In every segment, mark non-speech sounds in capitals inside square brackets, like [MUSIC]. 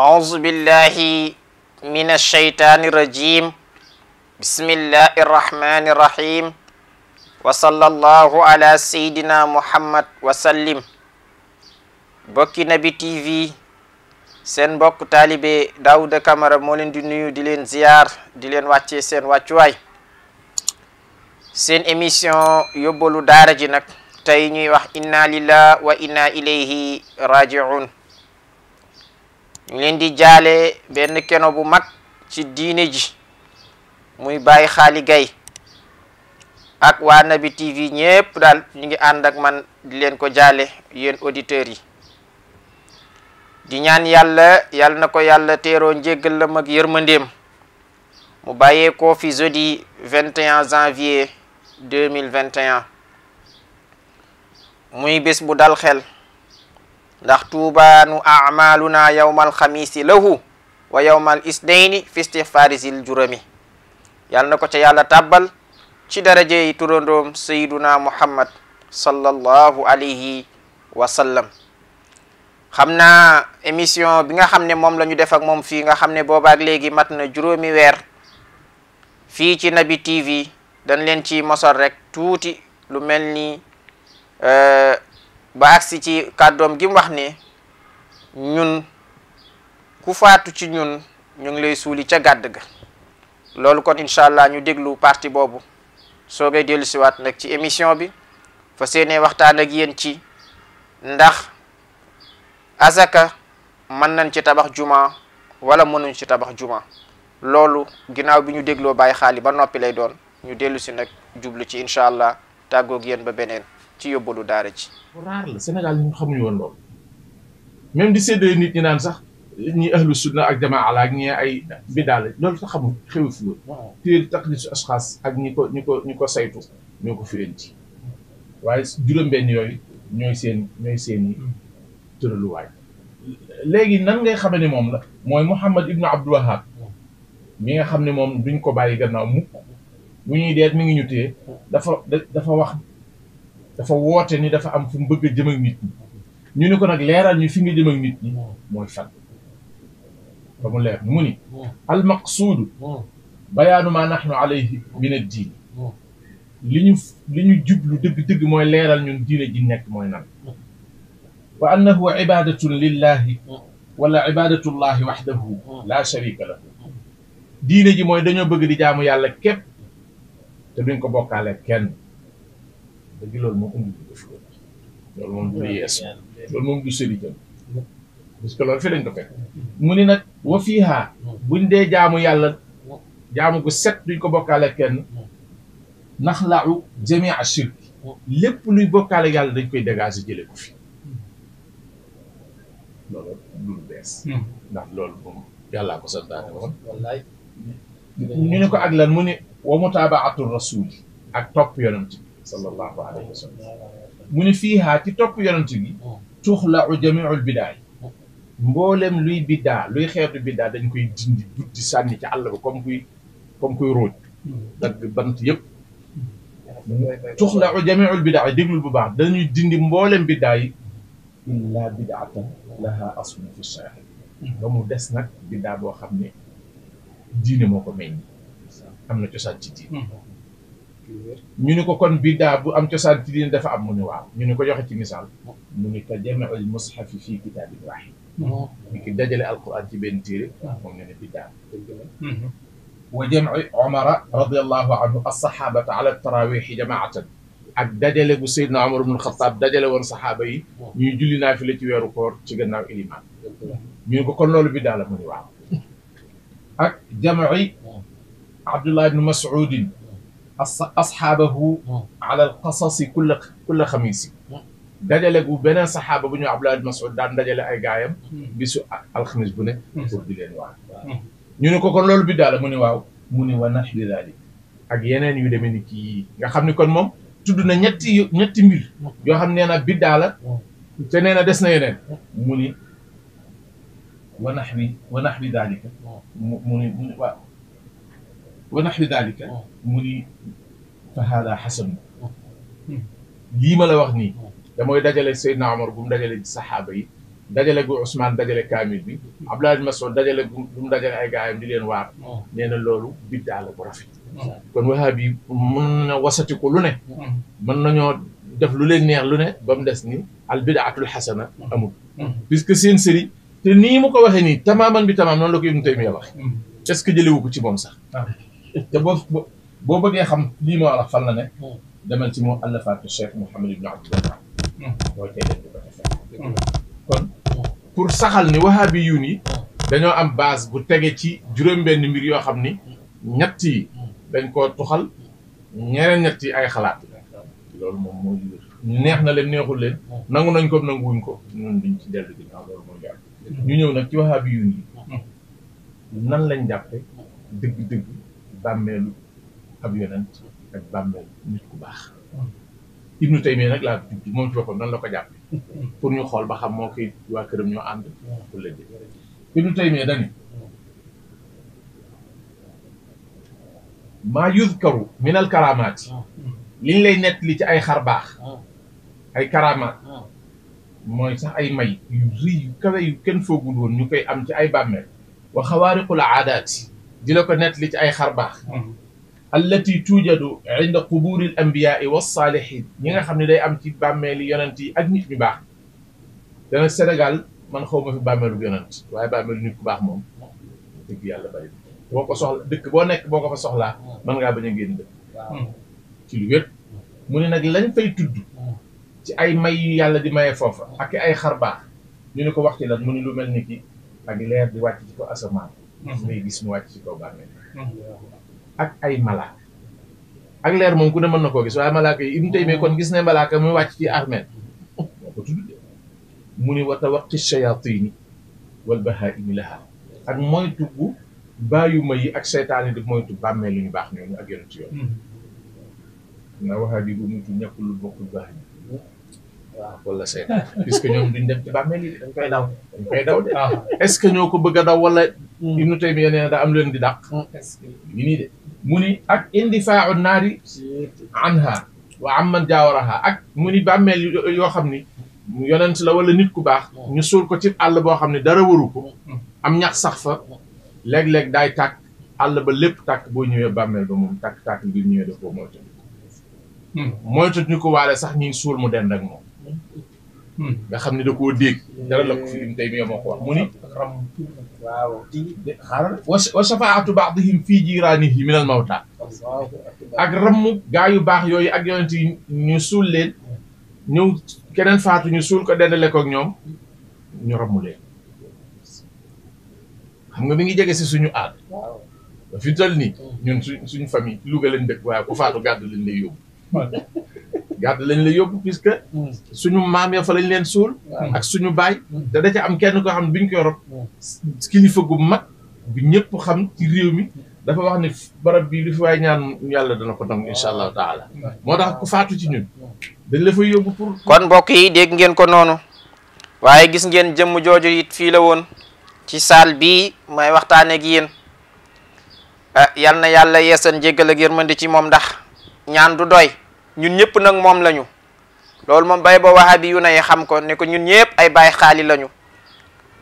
أعوذ بالله من الشيطان الرجيم بسم الله الرحمن الرحيم وصلى الله على سيدنا محمد وسلم Boki Nabi TV seen mbokk taalibe Daouda Camara moo leen di nuyu di leen ziyaar di leen wàccee seen wàccuwaay seen émission yóbbalu daara ji nag tey ñuy wax inna lillah wa inna ilayhi rajiun leen di jaale benn keno bu mag ci diine ji muy bàyyi xaali gay ak waa Nabi TV ñëpp daal ñu ngi ànd ak man leen ko jaale yéen auditeurs yi di ñaan yàlla yàlla na ko yàlla teeroo njéggal la mag yërmandeem mu bàyyee koo fi jeudi 21 janvier 2021 muy bés bu dal xel ndax tuubaanu amaluna yawma alxamisi lahu wa yawma al isnaini fi istixfaari zil jurami yàlla na ko ca yàlla tàbbal ci daraje yi turandoom sayyiduna muhammad sallallahu alayhi wa sallam xam na émission bi nga xam ne moom lañu ñu def ak moom fii nga xam ne boobaak léegi mat na juróomi weer fii ci Nabi TV dañ leen ci mosal rek tuuti lu mel ni euh, ba agsi ci kàddoom gi mu wax ni ñun ku faatu ci ñun ñu ngi lay suuli ca gàdd ga loolu kon incha allah ñu déglu parti boobu soo ngay dellu siwaat nag ci émission bi fa seenee waxtaan ak yéen ci ndax azaka mën nañ ci tabax juma wala mënuñ ci tabax juma loolu ginnaaw bi ñu dégloo bàyyi xaali ba noppi lay doon ñu dellu si nag jublu ci incha allah tàggoog yéen ba beneen ci yóbbalu daara ci raar la Sénégal ñu xamuñu woon loolu même di séddee nit ñi naan sax ñi ahlu sunna ak jamaa la ak ñi ay bidaa la loolu sax xamul xewu fi woon téer taqdisu asxaas ak ñi ko ñi ko ñi ko saytu ñoo ko fi indi waaye juróom-benn yooyu ñooy seen ñooy seen tëraluwaay léegi nan ngay xame ne moom la mooy Muhammad ibnu Abdul Wahab mi nga xam ne moom duñ ko bàyyi gannaaw mukk bu ñuy deet mi ngi ñu téye dafa dafa wax dafa woote ni dafa am fu mu bëgg a jëm ak nit ñi ñu ni ko nag leeral ñu fi nga jëm ak nit ñi mooy fan ba mu leer mu ni al bayaanu maa nahnu alayhi min ad diin li ñu li ñu jublu dëgg-dëgg mooy leeral ñun diine ji nekk mooy nan wa annahu ibadatun lillahi wala ibadatullahi waxdahu la sharika lahu diine ji mooy dañoo bëgg di jaamu yàlla képp te duñ ko bokkaale kenn dëgg loolu moo indi moom du yees loolu moom du sëri jëm que loolu mu ni nag wa fiihaa buñ dee jaamu yàlla jaamu gu set duñ ko bokkaale kenn naxla'u jamia shirk lépp luy bokkaale yàlla dañ koy dégager jële ko fi loolu du lu bees hmm. ndax loolu moom yàllaa ko santaane woon ñu ne ko ak lan mu ne wa mutaabaatu rasul ak topp yonent bi sallallahu alayhi mu ni fiihaa ci topp yonent bi tuxla'u jamiul bidaay mboolem luy biddaa luy xeetu biddaa dañ koy dindi buddi sànni ci àll ba comme kuy comme kuy róoj dagg bant yëpp tuxla'u jamiul bidaa yi déglul bu baax dañuy dindi mboolem biddaa yi illa bidaatan laha aslu fi ba mu des nag biddaa boo xam ne diine moo ko meññ am na cosaan ci diine ñu ni ko kon biddaa bu am cosaan ci diine dafa am mu ni waaw ñu ni ko joxe ci misaal mu ni ko jameul mushafi fii kitaabin waahid ñu ki dajale alquran ci benn téere moom ne ne biddaa wa jamci omara radiallahu anhu alsahabata ala tarawixi jamaatan ak dajale bu Seydina Omar ibn Xataab dajale woon saxaaba yi ñuy julli naa fi la ci weeru koor ci gannaaw ilimaan ñu ne ko kon loolu biddaa la mu ni waaw ak jamci Abdullah ibn Mas'udin asxaabahu ala alqasasi kulla kulla xamiisi dajale gu beneen saxaaba bu ñu Abdullah ibn Mas'ud daan dajale ay gaayam bisu alxamis bu ne pour di leen waar ñu ne ko kon loolu bi daal mu ne waaw mu ne wa naxwi daalik ak yeneen yu demee ni kii nga xam ni kon moom tudd na ñetti ñetti mbir yoo xam nee na biddaa la te nee na des na yeneen mu ni wa naxwi wa naxwi daalika mu mu ni waaw wa naxwi dalika mu ni fa haada ma la wax nii damoy dajale Seydina Omar bu mu dajale saxaaba yi dajale gu Ousmane dajale kaamil bi Abdoulaye bin Mas'ud dajale gu mu dajale ay gaayam di leen waar nee na loolu biddaa la bu kon wahaab yi mën wasati ko lu ne mën nañoo def lu leen neex lu ne ba mu des ni al bidaatul xasana amul puisque seen sëriñ te nii mu ko ni nii tamaaman bi tamaam noonu la ko Ibnu Taymiya wax est ce que jëlewu ko ci moom sax te boo boo bëggee xam lii ma wax fan la ne. Hmm. demal ci mu àllafaatu Cheikh Mouhamed Ibn Abdul Wahab. Hmm. boo hmm. kon pour saxal ni wahabi yu ni dañoo am baas bu tege ci juróom-benn mbir yoo xam ni ñett yi dañ koo tuxal ñeneen ñett yi ay xalaat loolu neex na leen neexul leen nangu nañ ko nanguwuñ ko ñu ñëw nag ci waxaabi yu nii nan lañ jàppe dëgg-dëgg bàmmeelu ab yonent ak bàmmeelu nit ku baax ibnu taymiya nag laa tudd moom ci boppam noonu la ko jàppe pour ñu xool ba xam moo koy waa këram ñoo ànd wala dé ibnu dani maa yuzkaru min al liñ lay nett li ci ay xar baax ay karamaat mooy sax ay may yu rëy yu kenn foogul woon ñu koy am ci ay bàmmeel wa xawaariqul aadaat di la ko nettali ci ay xar baax mm-hmm. allati tuujadu inda quburi l ambiyaai wasaalihin ñi nga xam ne day am ci bàmmeeli yonent yi ak nit ñu baax dana Sénégal man xaw ma fi bàmmeelu yonent waaye bàmmeelu nit ku baax moom yàlla bari boo ko dëkk boo nekk boo ko fa soxlaa mën ngaa bañ a ci lu wér mu ne nag lañ fay tudd ci ay may yu yàlla di maye foofa ak ay xar baax ñu ne ko wax ci lan mu ne lu mel ni ki ak leer di wàcc ci ko asamaan ngay mm-hmm. gis mu wàcc ci kaw bàmmeel mm-hmm. ak ay malaaka ak leer moom ku ne mën na koo gis waaye malaaka yi Ibnu Taymiyya kon gis ne malaaka mu wàcc ci armeel moo mu ni wa tawaqi shayaatini wal bahaa'imi laha ak moytu bu bàyyuma yi ak seytaan yi di moytu bàmmeel lu ñu baax ñooñu ak yonent yoon mm-hmm. na waxaat yi bu mutu lu bokkul baax yi waaw wala seytaan puisque ñoom duñ ci bàmmeel yi [LAUGHS] dañ koy daw dañ koy daw de est-ce que ñoo ko bëgg daw wala Mm. ibnu taymiya nee na da am leen di dàq mm, mu ni ak indifaau naari anha wa amman jaawaraha ak mu ni bàmmeel yoo xam ni yonent la wala nit ku baax mm. ñu suul ko ci àll boo xam ne dara waru ko am ñax sax fa léeg-léeg daay tàkk àll ba lépp tàkk boo ñëwee bàmmeel ba moom tàkk-tàkk bi ñëwee daf ko moytu moytu ñu ko waale sax ñuy suul mu dend ak moom Hmm. nga xam ne da koo dégg. dara la ko fi tey mi moo ko wax mu ni. waaw xaaral. wa shafaatu baadihim fii jiraanihi minal mawta ak ramu gaa yu baax yooyu ak yonent yi ñu suul leen. ñëw keneen faatu ñu suul ko dendale ko ñoom ñu ramu leen xam nga mi ngi jege si suñu aad fi mu toll nii ñun suñ suñu famille Louga leen dëkk waaye ku faatu gàddu leen lay yóbbu. gàdd lañ la yóbbu que hmm. suñu maam ya fa lañ leen suul hmm. ak suñu baay hmm. te da am kenn koo xam ne bi ñu koy rob kilifa gu mag bi ñëpp xam ci réew mi dafa wax ni barab bii li fi waay ñaan yàlla dana ko dong incha allahu taala moo tax ku faatu ci ñun dañ la fa yóbbu pour kon mbokk yi dégg ngeen ko noonu waaye gis ngeen jëmm jooju it fii la woon ci saal bi may waxtaane ak yéen eh, yal na yàlla yeesan jéggal ak yërmande ci moom ndax ñaan du doy ñun ñëpp nag moom lañu loolu moom bay ba wahabi yu nay xam ko ne ko ñun ñëpp ay baay xaali lañu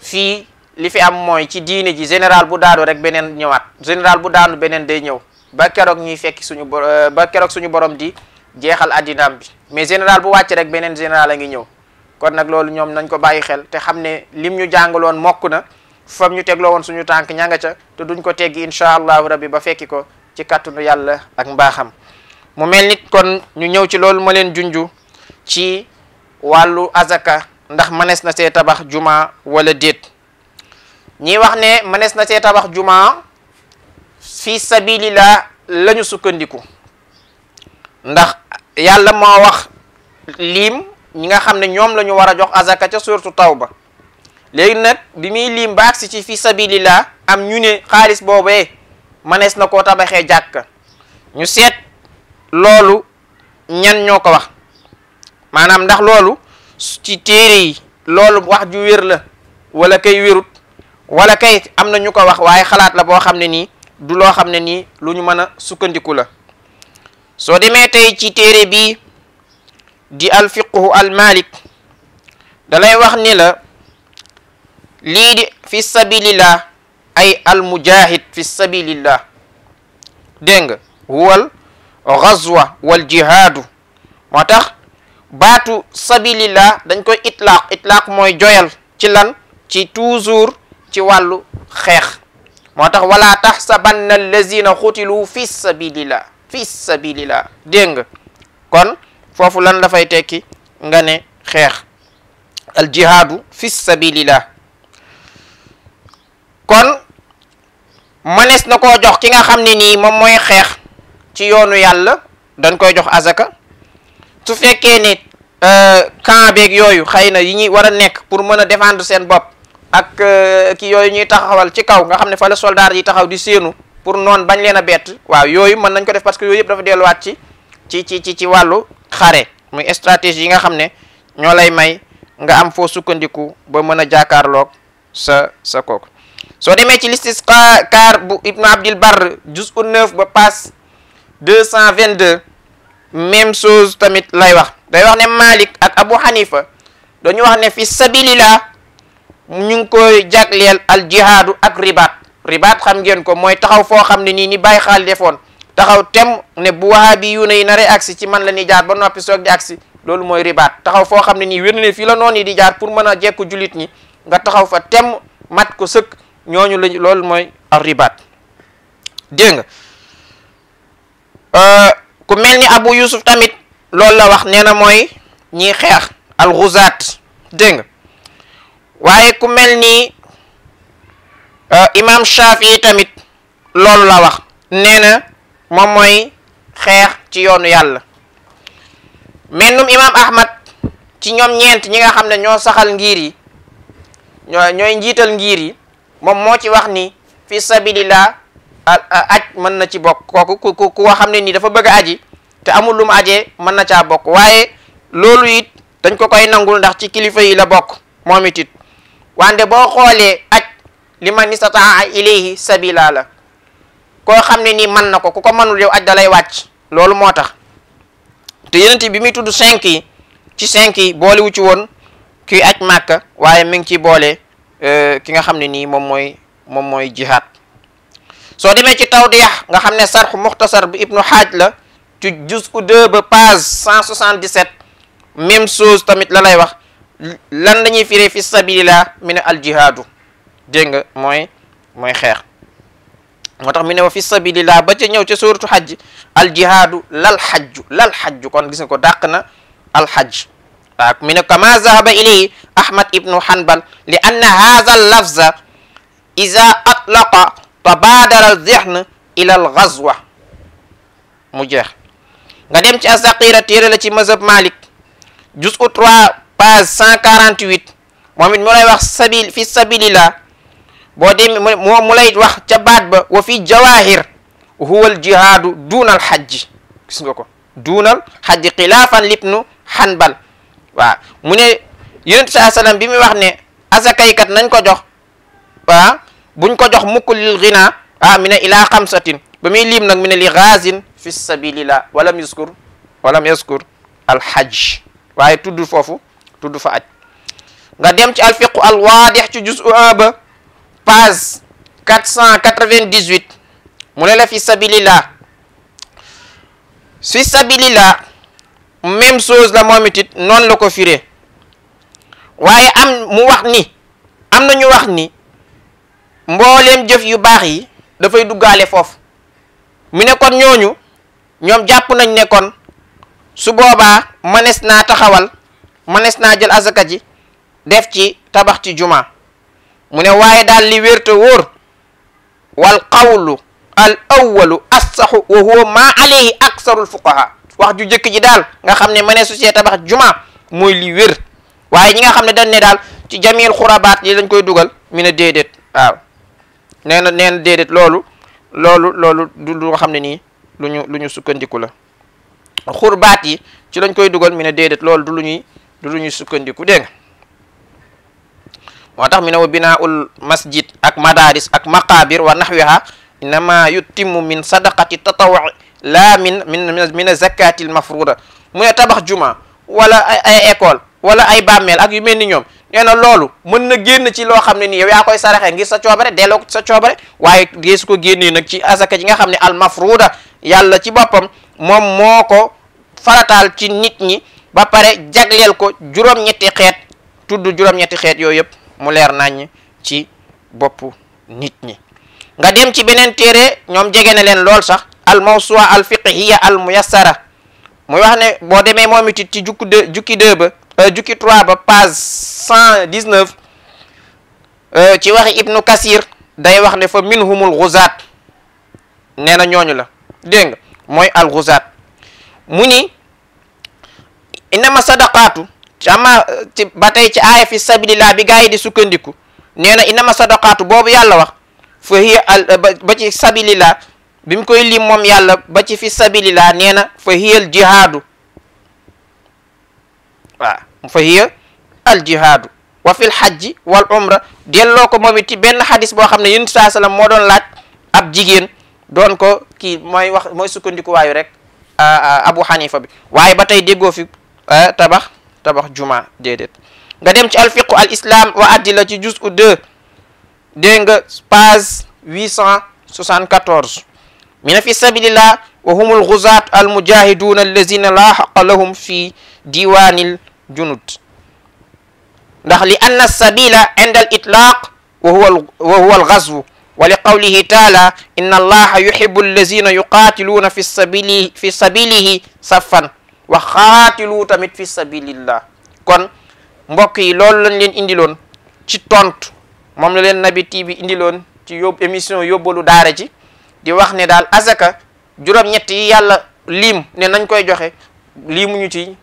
fii li fi am mooy ci diine ji général bu daanu rek beneen ñëwaat général bu daanu beneen day ñëw ba keroog ñuy fekki suñu euh, ba keroog suñu borom di jeexal addinaam bi mais général bu wàcc rek beneen général a ngi ñëw kon nag loolu ñoom nañ ko bàyyi xel te xam ne lim ñu jàngaloon mokk na fam ñu tegloo woon suñu tànk ña nga ca te duñ ko teggi incha allahu rabbi ba fekki ko ci kàttanu yàlla ak mbaaxam. mu mel nit kon ñu ñëw ci loolu ma leen junju ci wàllu azaka ndax mënees na see tabax jumaa wala déet ñi wax ne mënees na see tabax juma fi sabilillah la ñu sukkandiku ndax yàlla moo wax liim ñi nga xam ne ñoom la ñu war a jox azaka ca taw ba léegi nag bi muy lim ba agsi ci fi am ñu ne xaalis boobee mënees na koo tabaxee jàkka ñu seet loolu ñan ñoo ko wax maanaam ndax loolu ci téere yi loolu wax ju wér la wala kay wérut wala kay am na ñu ko wax waaye xalaat la boo xam ne nii du loo xam ne nii lu ñu mën a sukkandiku la soo demee tey ci téere bii di alfiqhu almalik dalay wax ni la lii di fi sabilillah ay almujahid fi sabilillah dégg nga huwal gazwa wal jihaadu moo tax baatu sabilillah dañ koy itlaaq itlaaq mooy joyal ci lan ci toujours ci wàllu xeex moo tax wala taxsabanna allazina xutilu fi sabilillah fi sabilillah dégg nga kon foofu lan la fay tekki nga ne xeex al jihaadu fi sabilillah kon mënees na ko jox ki nga xam ne nii moom mooy xeex ci yoonu yàlla dañ koy jox azaka su fekkee ni euh, camp beeg yooyu xëy na yi ñuy war a nekk pour mën a défendre seen bopp ak euh, ki yooyu ñuy taxawal ci kaw nga xam ne fa la soldaar yi taxaw di séenu pour noonu bañ leen a bett waaw yooyu mën nañ ko def parce que yooyu yëpp dafa delluwaat ci ci ci ci ci wàllu xare muy stratégie yi nga xam ne ñoo lay may nga am foo sukkandiku ba mën a jàkkaarloog sa sa kooku soo demee ci listis kaar bu ibnu abdil barr juz deux cent vingt deux même chose tamit lay wax day wax ne Malik ak Abu Hanifa dañu wax ne fi sabilillah ñu ngi koy jagleel al jihaadu ak ribaat ribaat xam ngeen ko mooy taxaw foo xam ne nii ni bàyyi xaal defoon taxaw tem ne bu wahabi yu ne yi nare agsi ci man la ñuy jaar ba noppi soog di agsi loolu mooy ribaat taxaw foo xam ne nii wér na fii la noon yi di jaar pour mën a jekk jullit ñi nga taxaw fa tem mat ko sëkk ñooñu lañ loolu mooy al ribaat nga Euh, ku mel ni Abu Yusuf tamit loolu la wax nee na mooy ñiy xeex alxuzaat dégg waaye ku mel ni euh, imam Shafii tamit loolu la wax nee na moom mooy xeex ci yoonu yàlla mennum imam Ahmad ci ñoom ñeent ñi nga xam ne ñoo saxal ngiir yi ñooy njiital ngir yi moom moo ci wax ni fi sabilillah a aj mën na ci bokk kooku ku ku xam ne nii dafa bëgg aji te amul lu mu ajee mën na caa bokk waaye loolu it dañ ko koy nangul ndax ci kilifa yi la bokk moom it it wante boo xoolee aj li man istataa ilayhi sabila la koo xam ne nii mën na ko ku ko mënul yow aj da lay wàcc loolu moo tax te yenent bi muy tudd cinq yi ci cinq yi boolewu ci woon kuy aj màkka waaye mi ngi ciy boole euh, ki nga xam ne nii moom mooy moom mooy jihaad soo demee ci tawdiyah nga xam ne sarxu muxtasar bu ibnu xaaj la ci juz'u 2 ba page 177 même chose tamit la lay wax lan la ñuy firee fi sabilillah mi ne aljihaadu dégg nga mooy mooy xeex moo tax mi ne wa fi sabilillah ba ca ñëw ca suratu xajj aljihaadu lal xajju lal xajju kon gis ko dàq na alxajj mi ne kama zahaba ilayhi ahmad ibnu hanbal li anna hadha iza atlaqa fa baadara zihn ila al ghazwa mu jeex nga dem ci asaqira téere la ci mazhab malik juz u 3 page 148 moom it mu lay wax sabil fi sabilillah boo dem mu lay wax ca baat ba wa fi jawahir huwa al jihaadu duunal xajji gis ko duunal xajji xilaafan libnu xanbal waaw mu ne yonent saa sallam bi muy wax ne asakaykat nañ ko jox buñ ko jox mukk lil ghina ah mi ne ila xamsatin ba muy liim nag mi ne li gazin fi sabilillah walam yuskur walam yuskur alhajj waaye tudd foofu tudd fa aj nga dem ci alfiqu alwaadix ci juz un ba page quatre cent quatre-vingt-dix-huit mu ne la fi sabilillah fi sabilila même chose la moom it noonu la ko firee waaye am mu wax ni am na ñu wax ni mbooleem jëf yu baax yi dafay duggaale foofu mu ne kon ñooñu ñoom jàpp nañ ne kon su boobaa mënees naa taxawal mënees naa jël azaka ji def ci tabax ci juma mu ne waaye daal li wér te wóor wal qawlu al awwalu assaxu wa huwa maa alayhi aksarul fuqaha wax ju jëkk ji daal nga xam ne mëneesu see tabax juma mooy li wér waaye ñi nga xam ne dañ ne daal ci jamiil xurabaat yi dañ koy dugal mu ne déedéet waaw nee na nee na déedéet loolu loolu loolu du lu nga xam ne nii lu ñu lu ñu sukkandiku la xurbaat yi ci lañ koy dugal mi ne déedéet loolu du lu ñuy du lu ñuy sukkandiku dégg nga moo tax mi ne wa binaul masjid ak madaris ak maqabir wa naxwiha innama yuttimu min sadaqati tatawu la min min min zakati al mafruda mu ne tabax juma wala ay école wala ay bàmmeel ak yu mel ni ñoom nee na loolu mën na génn ci loo xam ne nii yow yaa koy saraxe ngir sa coobare delloo ko sa coobare waaye geesu ko génnee nag ci assaka ji nga xam ne almafruda yàlla ci boppam moom moo ko farataal ci nit ñi ba pare jagleel ko juróom-ñetti xeet tudd juróom-ñetti xeet yooyu yëpp mu leer naññ ci boppu nit ñi nga dem ci beneen téere ñoom jege na leen lool sax al mawsuwa al fiqhiya al muyassara muy wax ne boo demee moom it ci jukki deux jukki ba euh, jukki trois ba page cent dix neuf euh, ci waxi ibnu kasir day wax ne fa minhumul xuzaat nee na ñooñu la dégg mooy al xuzaat mu ni inama sadaqaatu ci ci ba tey ci aaya fi sabilillah bi gaa yi di sukkandiku nee na inama sadaqaatu boobu yàlla wax fa hiya al ba ci sabilillah bi mu koy lim moom yàlla ba ci fi sabilillah nee na fa hiyal jihaadu waaw fa hiya al jihaadu wa fil hajji wal umra delloo ko moom it ci benn xadis boo xam ne yonent saa sallam moo doon laaj ab jigéen doon ko kii mooy wax mooy sukkandikuwaayu rek abu xanifa bi waaye ba tey déggoo fi tabax tabax juma déedéet nga dem ci alfiqu al islam wa addila ci juz u nga page huit cent soixante quatorze mina fi sabilillah wa humul guzaat al mujahiduna allazina la xaqa lahum fi diwanil junud ndax li anna sabila al itlaq wa huwa wa huwa al ghazw wa li qawlihi taala inna allaha yuhibbu allazina yuqatiluuna fi sabili fi sabilihi saffan wa xaatiluu tamit fi sabilillah kon mbokk yi loolu lañ leen indiloon ci tontu moom la leen Nabi TV indiloon ci yób émission yóbbalu daara ji di wax ne daal azaka juróom-ñett yi yàlla liim ne nañ koy joxe liimuñu ci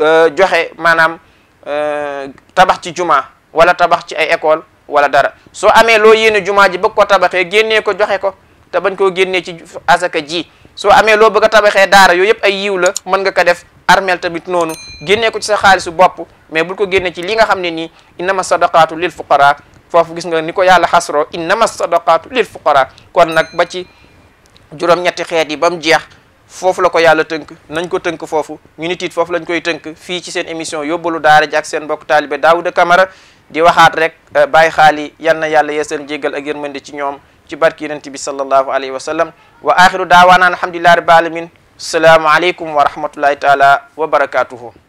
euh, joxe maanaam Euh, tabax ci jumaa wala tabax ci ay école wala dara soo amee loo yéene jumaa ji bëgg ko tabaxee génnee ko joxe ko te bañ koo génnee ci asaka ji soo amee loo bëgg tabaxee daara yooyu yëpp ay yiw la mën nga ko def armel tamit noonu génnee ko ci sa xaalisu bopp mais bul ko génnee ci li nga xam ne nii innama sadaqaatu lil fuqara foofu gis nga ni ko yàlla xasroo innama sadaqaatu lil fuqara kon nag ba ci juróom-ñetti xeet yi ba mu jeex foofu la ko yàlla tënk nañ ko tënk foofu ñu nit it foofu lañ koy tënk fii ci seen émission yóbbalu daara ji ak seen mbokk taalibe Daouda Camara di waxaat rek eh, bàyyi xaal yi yal na yàlla seen jéggal ak yërmande ci ñoom ci barki yonent bi sallallahu alayhi wa sallam wa axiru daawaanaan alhamdulillahi rabbil alamin salaamu aleykum wa rahmatullahi taala wa barakatuhu